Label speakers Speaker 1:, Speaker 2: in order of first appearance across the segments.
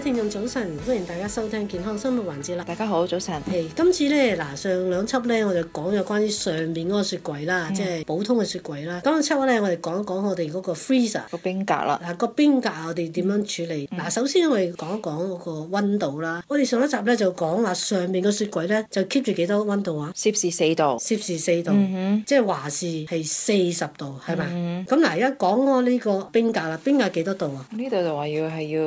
Speaker 1: 聽眾早晨，歡迎大家收聽健康生活環節啦。大家好，早晨。Hey, 今次咧嗱，上兩輯咧我就講咗關於上面嗰個雪櫃啦，嗯、即係普通嘅雪櫃啦。咁啊，出開咧我哋講一講我哋嗰個 freezer 個冰格啦。嗱，個冰格我哋點樣處理？嗱、嗯，首先我哋講一講嗰個溫度啦。我哋上一集咧就講話上面個雪櫃咧就 keep 住幾多溫度啊？攝氏四度，攝氏四度，嗯、哼即係華氏係四十度，係嘛？咁嗱、嗯哼，而家講開呢個冰格啦，冰格幾多度啊？呢、嗯、哼度就話要係要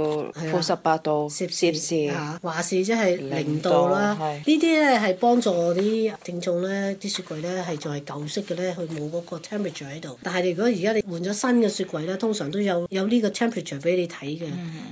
Speaker 1: 負十八。攝攝氏嚇，華氏即係零度啦。呢啲咧係幫助啲聽眾咧，啲雪櫃咧係仲係舊式嘅咧，佢冇嗰個 temperature 喺度。但係你如果而家你換咗新嘅雪櫃咧，通常都有有呢個 temperature 俾你睇嘅。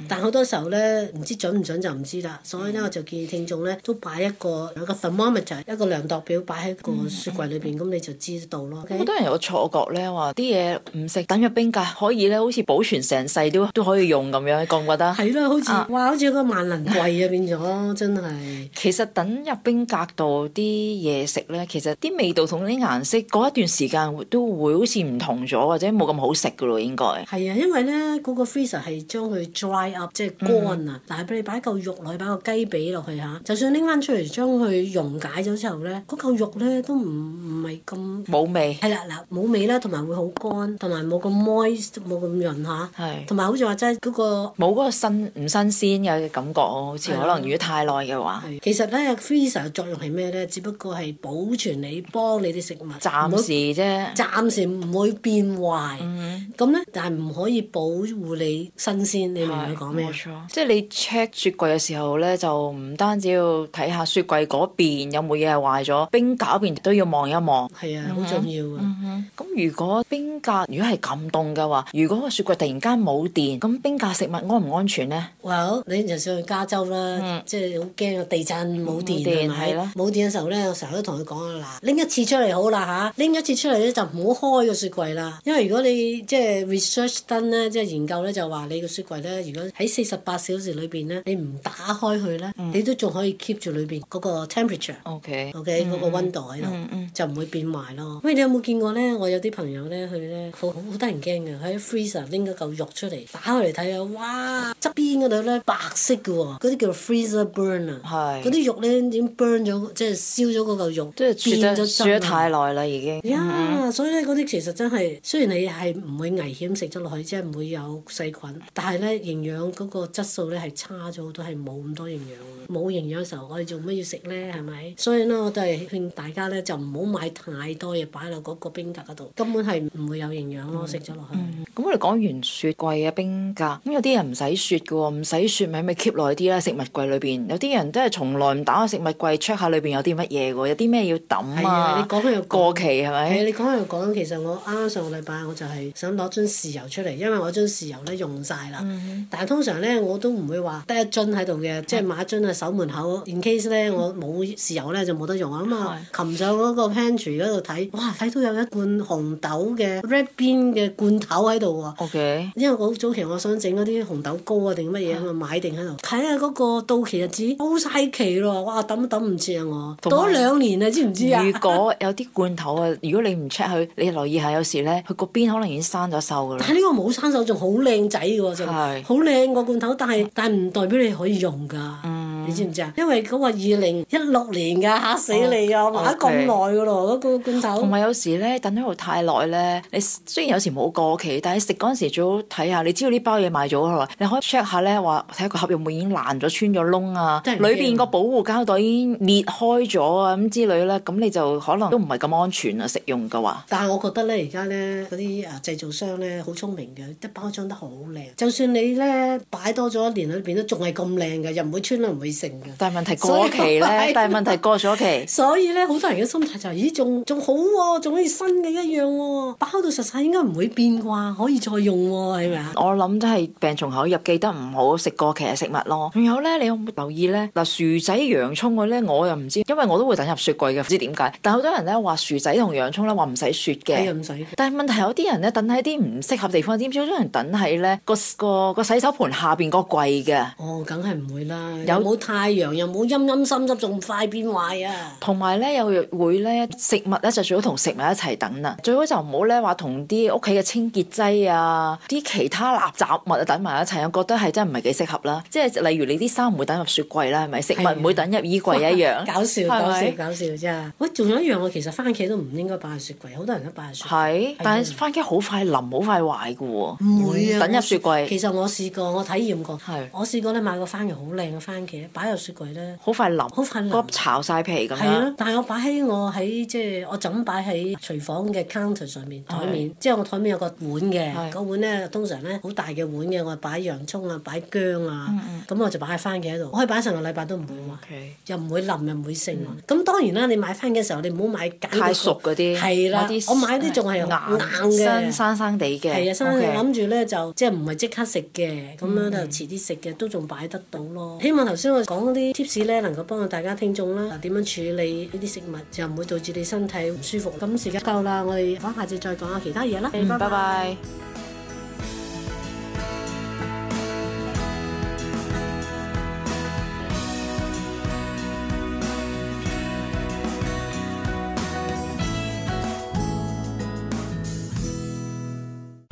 Speaker 1: 但好多時候咧，唔知準唔準就唔知啦。所以咧，我就建議聽眾咧，都擺一個有個 thermometer，一個量度表擺喺個雪櫃裏邊，咁你就知道咯。好多人
Speaker 2: 有錯覺咧，話啲嘢唔食等入冰格可以咧，好似保存成世都都可以用咁樣，覺唔覺得？係咯，好似。好似個萬能櫃啊，變咗真係。其實等入冰格度啲嘢食咧，其實啲味道同啲顏色過一段時間都會好似唔同咗，或者冇咁好食噶咯，應該。係
Speaker 1: 啊，因為咧嗰個 freezer 係將佢 dry up，即係乾啊。嗯、但係俾你擺嚿肉落去，擺個雞髀落去嚇，就算拎翻出嚟將佢溶解咗之後咧，嗰嚿肉咧都唔唔係咁冇味。係啦，嗱冇味啦，同埋會好乾，同埋冇咁 moist，冇咁潤嚇。係。同埋好似話齋嗰個冇嗰個新，唔新鮮。有嘅感覺好似可能如果太耐嘅話，其實咧，freezer 嘅作用係咩咧？只不過係保存你幫你啲食物，暫時啫，暫時唔會變壞。咁咧、嗯哼，但係唔可以保護你新鮮。你明唔明講咩？冇錯，即係你
Speaker 2: check 雪櫃嘅時候咧，就唔單止要睇下雪櫃嗰邊有冇嘢係壞咗，冰格嗰邊都要望一望。係啊的，好、嗯、哼重要
Speaker 1: 啊！
Speaker 2: 咁、嗯、哼如果冰格，如果係咁凍嘅話，如果個雪櫃突然間冇電，咁冰格食物安唔安全咧
Speaker 1: ？Well 你就上去加州啦，嗯、即係好驚個地震冇電係咪？冇電嘅了時候咧，我成日都同佢講啊，嗱拎一次出嚟好啦嚇，拎、啊、一次出嚟咧就唔好開個雪櫃啦，因為如果你即係 research done 咧，即係研究咧就話你個雪櫃咧，如果喺四十八小時裏邊咧，你唔打開佢咧，嗯、你都仲可以 keep 住裏邊嗰個 temperature，ok ok 嗰個温度喺度，嗯、就唔會變壞咯。喂、嗯，嗯嗯、你有冇見過咧？我有啲朋友咧佢咧，好好得人驚嘅，喺 freezer 拎咗嚿肉出嚟，打開嚟睇下，哇側邊嗰度咧～白色嘅喎，嗰啲叫做 freezer burn 啊是，嗰啲肉咧已經 burn 咗，即係燒咗嗰嚿肉，即係煮咗煮咗太耐
Speaker 2: 啦，已經。Yeah, mm hmm.
Speaker 1: 所以咧嗰啲其實真係，雖然你係唔會危險食咗落去，即係唔會有細菌，但係咧營養嗰個質素咧係差咗好多，係冇咁多營養。冇營養嘅時候，我哋做乜要食咧？係咪？所以呢，我都係勸大家咧，就唔好買太多嘢擺喺度個冰格嗰度，根本係唔會有營養咯，食咗落去。
Speaker 2: 咁我哋講完雪櫃啊，冰格，咁有啲人唔使雪嘅喎，唔使。住咪咪 keep 耐啲啦，食物櫃裏邊，有啲人都係從來唔打開食物櫃 check 下裏邊有啲乜嘢喎，有啲咩要抌啊？你講
Speaker 1: 開又過期係咪的？你講又講，其實我啱啱上個禮拜我就係想攞樽豉油出嚟，因為我樽豉油咧用晒啦。嗯、哼但係通常咧我都唔會話得一樽喺度嘅，即係、嗯、買一樽啊守門口，in case 咧、嗯、我冇豉油咧就冇得用啊。咁啊、嗯哼，擒上嗰個 pantry 嗰度睇，哇睇到有一罐紅豆嘅 red bean 嘅罐頭喺度喎。O K、嗯哼。因為好早期我想整嗰啲紅豆糕啊定乜嘢啊嘛。嗯哼嗯買定喺度，睇下嗰個到期日子，過晒期咯，哇，等都等唔切啊。扔扔我，過咗兩年啦，知唔知啊？如
Speaker 2: 果有啲罐頭啊，如果你唔 check 佢，你留意下，有時咧佢個邊可能已經生
Speaker 1: 咗銹噶啦。但係呢個冇生銹，仲好靚仔噶，仲好靚個罐頭，但係是但係唔代表你可以用噶。嗯你知唔知啊？因為嗰個二零一六年㗎，嚇死你啊！買咁耐
Speaker 2: 㗎咯，嗰個罐頭。同埋有時咧，等喺度太耐咧，你雖然有時冇過期，但係你食嗰陣時最好睇下，你知道呢包嘢買咗係咪？你可以 check 下咧，話睇下個盒有冇已經爛咗、穿咗窿啊，裏邊個保護膠袋已經裂開咗啊咁之類咧，咁你就可能都唔係咁安全啊食用嘅話。
Speaker 1: 但係我覺得咧，而家咧嗰啲誒製造商咧好聰明嘅，一包裝得好靚。就算你咧擺多咗一年，裏邊都仲係咁靚嘅，又唔會穿，又唔會。但係問題過期咧，但係問題過咗期， 所以咧好多人嘅心態就係、是，咦，仲仲好喎、啊，仲好似新嘅一樣喎、啊，包到實晒應該唔會變
Speaker 2: 啩，可以再用喎，係咪啊？我諗真係病從口入，記得唔好食過期嘅食物咯。仲有咧，你有冇留意咧，嗱薯仔、洋葱嗰啲，我又唔知，因為我都會等入雪櫃嘅，唔知點解。但係好多人咧話薯仔同洋葱咧話唔使雪嘅，唔使、哎。但係問題有啲人咧等喺啲唔適合地方，點知好多人等喺咧個個個洗手盆下邊個櫃嘅。哦，
Speaker 1: 梗係唔會啦，有冇？
Speaker 2: 太陽又冇陰陰濕濕，仲快變壞啊！同埋咧，又會咧食物咧就最好同食物一齊等啦。最好就唔好咧話同啲屋企嘅清潔劑啊，啲其他垃圾物啊等埋一齊，我覺得係真係唔係幾適合啦。即係例如你啲衫唔會等入雪櫃啦，係咪？食物唔會等入衣櫃一樣。搞笑是、啊、搞笑搞
Speaker 1: 笑啫！喂，仲有一樣啊，其實番茄都唔應該擺喺雪櫃，好多人都擺喺雪櫃。係，但係番茄好快淋，好快壞嘅喎。唔會啊！等入雪櫃。其實我試過，我體驗過，是我試過咧買個番茄好靚嘅番茄。擺入雪櫃咧，好快淋，好快淋，巢晒皮咁。係咯，但係我擺喺我喺即係我枕擺喺廚房嘅 counter 上面台面，即係我台面有個碗嘅，個碗咧通常咧好大嘅碗嘅，我擺洋葱啊，擺薑啊，咁我就擺番茄度，可以擺成個禮拜都唔會壞，又唔會淋又唔會剩。咁當然啦，你買番茄嘅時候，你唔好買太熟嗰啲，係啦，我買啲仲係硬嘅，生生哋嘅。係啊，生哋諗住咧就即係唔係即刻食嘅，咁樣就遲啲食嘅都仲擺得到咯。希望頭先我講啲 tips 咧，能夠幫到大家聽眾啦，點樣處理呢啲食物，就唔會導致你身體唔舒服。咁時間夠啦，我哋翻下次再講下其他嘢啦。Okay, bye bye. 拜拜。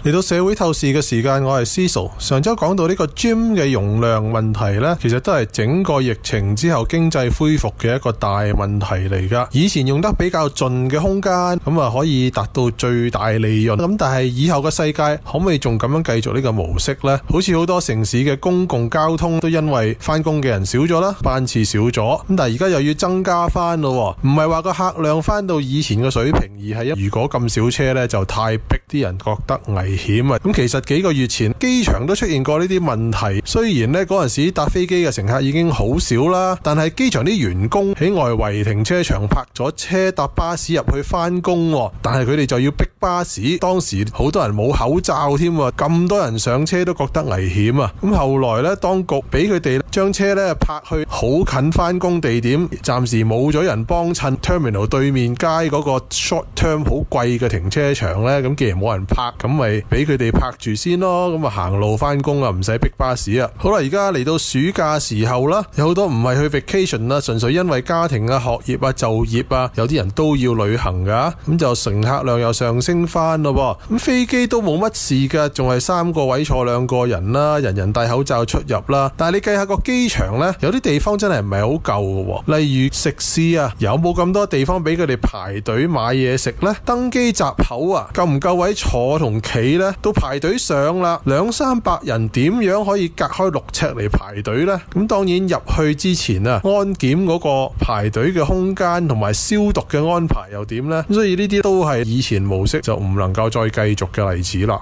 Speaker 3: 嚟到社會透視嘅時間，我係 Cecil。上周講到呢個 gym 嘅容量問題呢，其實都係整個疫情之後經濟恢復嘅一個大問題嚟噶。以前用得比較盡嘅空間，咁咪可以達到最大利潤。咁但係以後嘅世界可唔可以仲咁樣繼續呢個模式呢？好似好多城市嘅公共交通都因為翻工嘅人少咗啦，班次少咗。咁但係而家又要增加翻咯、哦，唔係話個客量翻到以前嘅水平，而係如果咁少車呢，就太逼啲人覺得危險。險啊！咁其實幾個月前機場都出現過呢啲問題，雖然呢嗰陣時搭飛機嘅乘客已經好少啦，但係機場啲員工喺外圍停車場泊咗車搭巴士入去返工、啊，但係佢哋就要逼巴士。當時好多人冇口罩添、啊、喎，咁多人上車都覺得危險啊！咁後來呢，當局俾佢哋將車呢泊去好近返工地點，暫時冇咗人幫襯 terminal 對面街嗰個 short term 好貴嘅停車場呢。咁既然冇人泊，咁咪～俾佢哋泊住先咯，咁啊行路翻工啊，唔使逼巴士啊。好啦，而家嚟到暑假時候啦，有好多唔係去 vacation 啦、啊，純粹因為家庭啊、學業啊、就業啊，有啲人都要旅行噶、啊，咁、嗯、就乘客量又上升翻咯。咁、嗯、飛機都冇乜事噶，仲係三個位坐兩個人啦、啊，人人戴口罩出入啦、啊。但係你計下個機場呢，有啲地方真係唔係好夠嘅，例如食肆啊，有冇咁多地方俾佢哋排隊買嘢食呢？登機閘口啊，夠唔夠位坐同企？咧都排隊上啦，兩三百人點樣可以隔開六尺嚟排隊呢？咁當然入去之前啊，安檢嗰個排隊嘅空間同埋消毒嘅安排又點呢？所以呢啲都係以前模式就唔能夠再繼續嘅例子啦。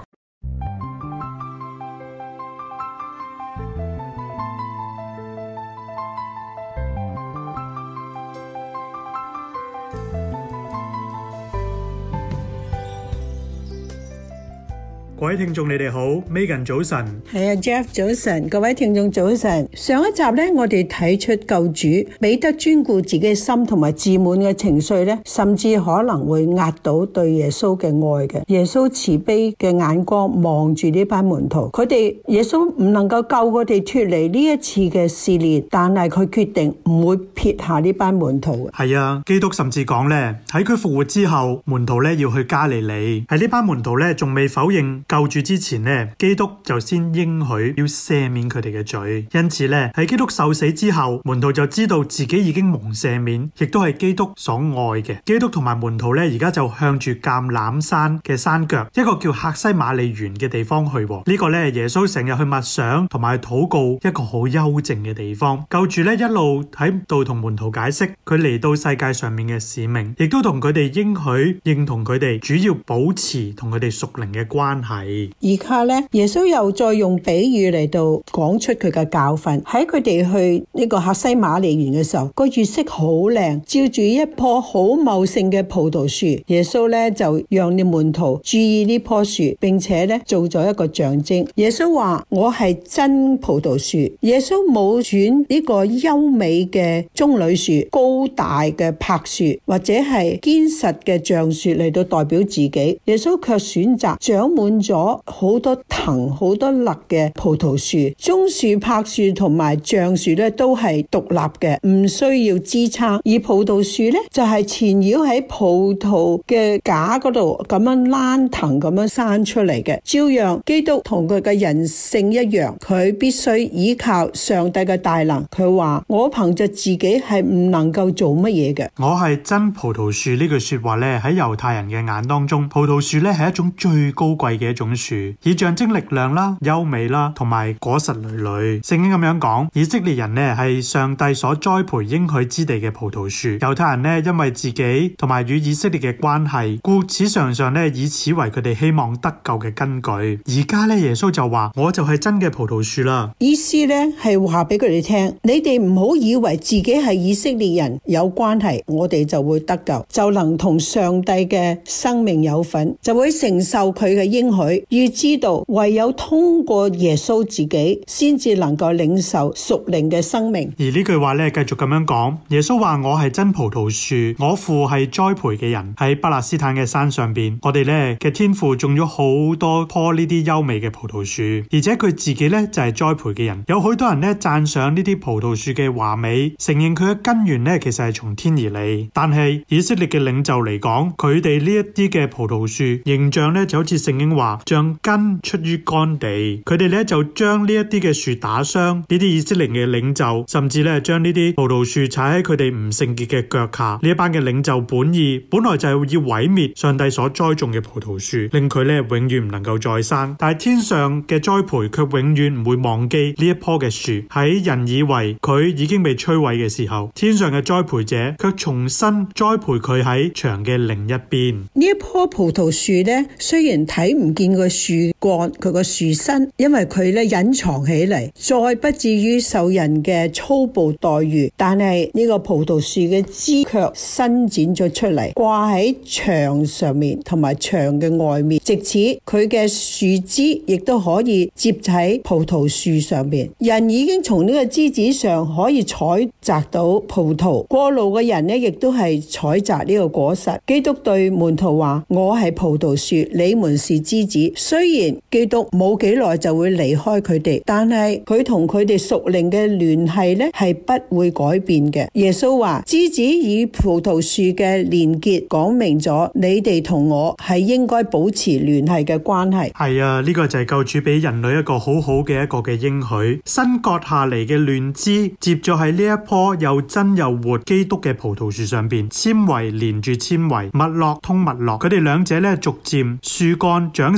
Speaker 4: 各位聽眾你哋好，Megan 早晨。
Speaker 5: 係啊，Jeff 早晨，各位聽眾早晨。上一集咧，我哋睇出救主彼得專顧自己嘅心同埋自滿嘅情緒咧，甚至可能會壓倒對耶穌嘅愛嘅。耶穌慈悲嘅眼光望住呢班門徒，佢哋耶穌唔能夠救佢哋脫離呢一次嘅試煉，但係佢決定唔會撇下呢班門徒。
Speaker 4: 係啊，基督甚至講咧，喺佢復活之後，門徒咧要去加利利，喺呢班門徒咧仲未否認，救主之前咧，基督就先應許要赦免佢哋嘅罪。因此咧，喺基督受死之後，門徒就知道自己已經蒙赦免，亦都係基督所愛嘅。基督同埋門徒呢，而家就向住橄欖山嘅山腳，一個叫客西馬尼園嘅地方去。呢、這個呢，耶穌成日去默想同埋禱告一個好幽靜嘅地方。救主呢，一路喺度同門徒解釋佢嚟到世界上面嘅使命，亦都同佢哋應許認同佢哋，主要保持同佢哋屬靈嘅關係。
Speaker 5: 而家咧，耶穌又再用比喻嚟到講出佢嘅教訓。喺佢哋去呢個客西馬尼園嘅時候，個月色好靚，照住一棵好茂盛嘅葡萄樹。耶穌咧就讓啲門徒注意呢棵樹，並且咧做咗一個象徵。耶穌話：我係真葡萄樹。耶穌冇選呢個優美嘅棕櫚樹、高大嘅柏樹，或者係堅實嘅橡樹嚟到代表自己。耶穌卻選擇長滿。咗好多藤好多簕嘅葡萄樹、棕樹、柏樹同埋橡樹咧，都係獨立嘅，唔需要支撐。而葡萄樹咧，就係纏繞喺葡萄嘅架嗰度咁樣躝藤咁樣生出嚟嘅。照樣基督同佢嘅人性一樣，佢必須依靠上帝嘅大能。佢話我憑着自己係唔能夠做乜嘢嘅。
Speaker 4: 我係真葡萄樹呢句說話咧，喺猶太人嘅眼當中，葡萄樹咧係一種最高貴嘅種樹以象徵力量啦、優美啦，同埋果實累累。聖經咁樣講，以色列人呢係上帝所栽培應許之地嘅葡萄樹。猶太人呢，因為自己同埋與以色列嘅關係，故此常常呢以此為佢哋希望得救嘅根據。而家呢，耶穌就話：我就係真嘅葡萄樹啦。
Speaker 5: 意思呢係話俾佢哋聽，你哋唔好以為自己係以色列人有關係，我哋就會得救，就能同上帝嘅生命有份，就會承受佢嘅應許。要知道，唯有通過耶穌自己，先至能夠領受屬靈嘅生命。
Speaker 4: 而呢句話咧，繼續咁樣講，耶穌話：我係真葡萄樹，我父係栽培嘅人。喺巴勒斯坦嘅山上邊，我哋咧嘅天父種咗好多棵呢啲優美嘅葡萄樹，而且佢自己咧就係栽培嘅人。有許多人咧讚賞呢啲葡萄樹嘅華美，承認佢嘅根源咧其實係從天而嚟。但係以色列嘅領袖嚟講，佢哋呢一啲嘅葡萄樹形象咧就好似聖經話。將根出於乾地，佢哋咧就將呢一啲嘅樹打傷，呢啲以色列嘅領袖甚至咧將呢啲葡萄樹踩喺佢哋唔聖潔嘅腳下。呢一班嘅領袖本意本來就係要毀滅上帝所栽種嘅葡萄樹，令佢咧永遠唔能夠再生。但係天上嘅栽培卻永遠唔會忘記呢一棵嘅樹。喺人以為佢已經被摧毀嘅時候，天上嘅栽培者卻重新栽培佢喺牆嘅另一邊。
Speaker 5: 呢一棵葡萄樹咧，雖然睇唔。見個樹幹佢個樹身，因為佢咧隱藏起嚟，再不至於受人嘅粗暴待遇。但係呢個葡萄樹嘅枝卻伸展咗出嚟，掛喺牆上面同埋牆嘅外面，藉此佢嘅樹枝亦都可以接喺葡萄樹上邊。人已經從呢個枝子上可以採摘到葡萄，過路嘅人呢亦都係採摘呢個果實。基督對門徒話：我係葡萄樹，你們是枝。子雖然基督冇幾耐就會離開佢哋，但係佢同佢哋屬靈嘅聯繫呢係不會改變嘅。耶穌話：枝子與葡萄樹嘅連結講明咗，你哋同我係應該保持聯繫嘅關係。
Speaker 4: 係啊，呢個就係救主俾人類一個好好嘅一個嘅應許。新割下嚟嘅嫩枝接咗喺呢一棵又真又活基督嘅葡萄樹上邊，纖維連住纖維，脈絡通脈絡，佢哋兩者呢逐漸樹幹長。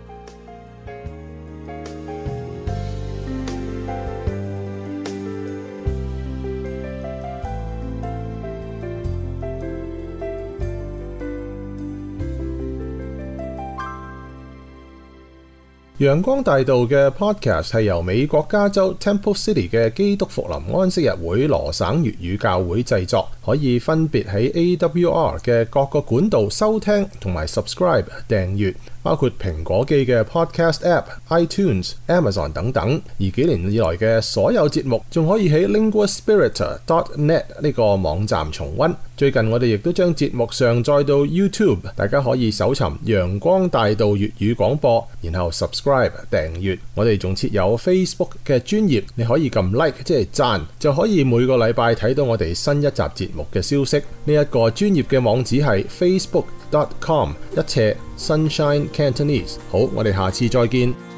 Speaker 3: 陽光大道嘅 podcast 係由美國加州 Temple City 嘅基督復臨安息日會羅省粵語教會製作，可以分別喺 AWR 嘅各個管道收聽同埋 subscribe 訂閱，包括蘋果機嘅 podcast app、iTunes、Amazon 等等。而幾年以來嘅所有節目仲可以喺 linguaspirit dot net 呢個網站重溫。最近我哋亦都將節目上載到 YouTube，大家可以搜尋陽光大道粵語廣播，然後 subscribe 訂閱。我哋仲設有 Facebook 嘅專頁，你可以撳 like 即係讚，就可以每個禮拜睇到我哋新一集節目嘅消息。呢、這、一個專頁嘅網址係 facebook.com 一切 sunshine cantonese。好，我哋下次再見。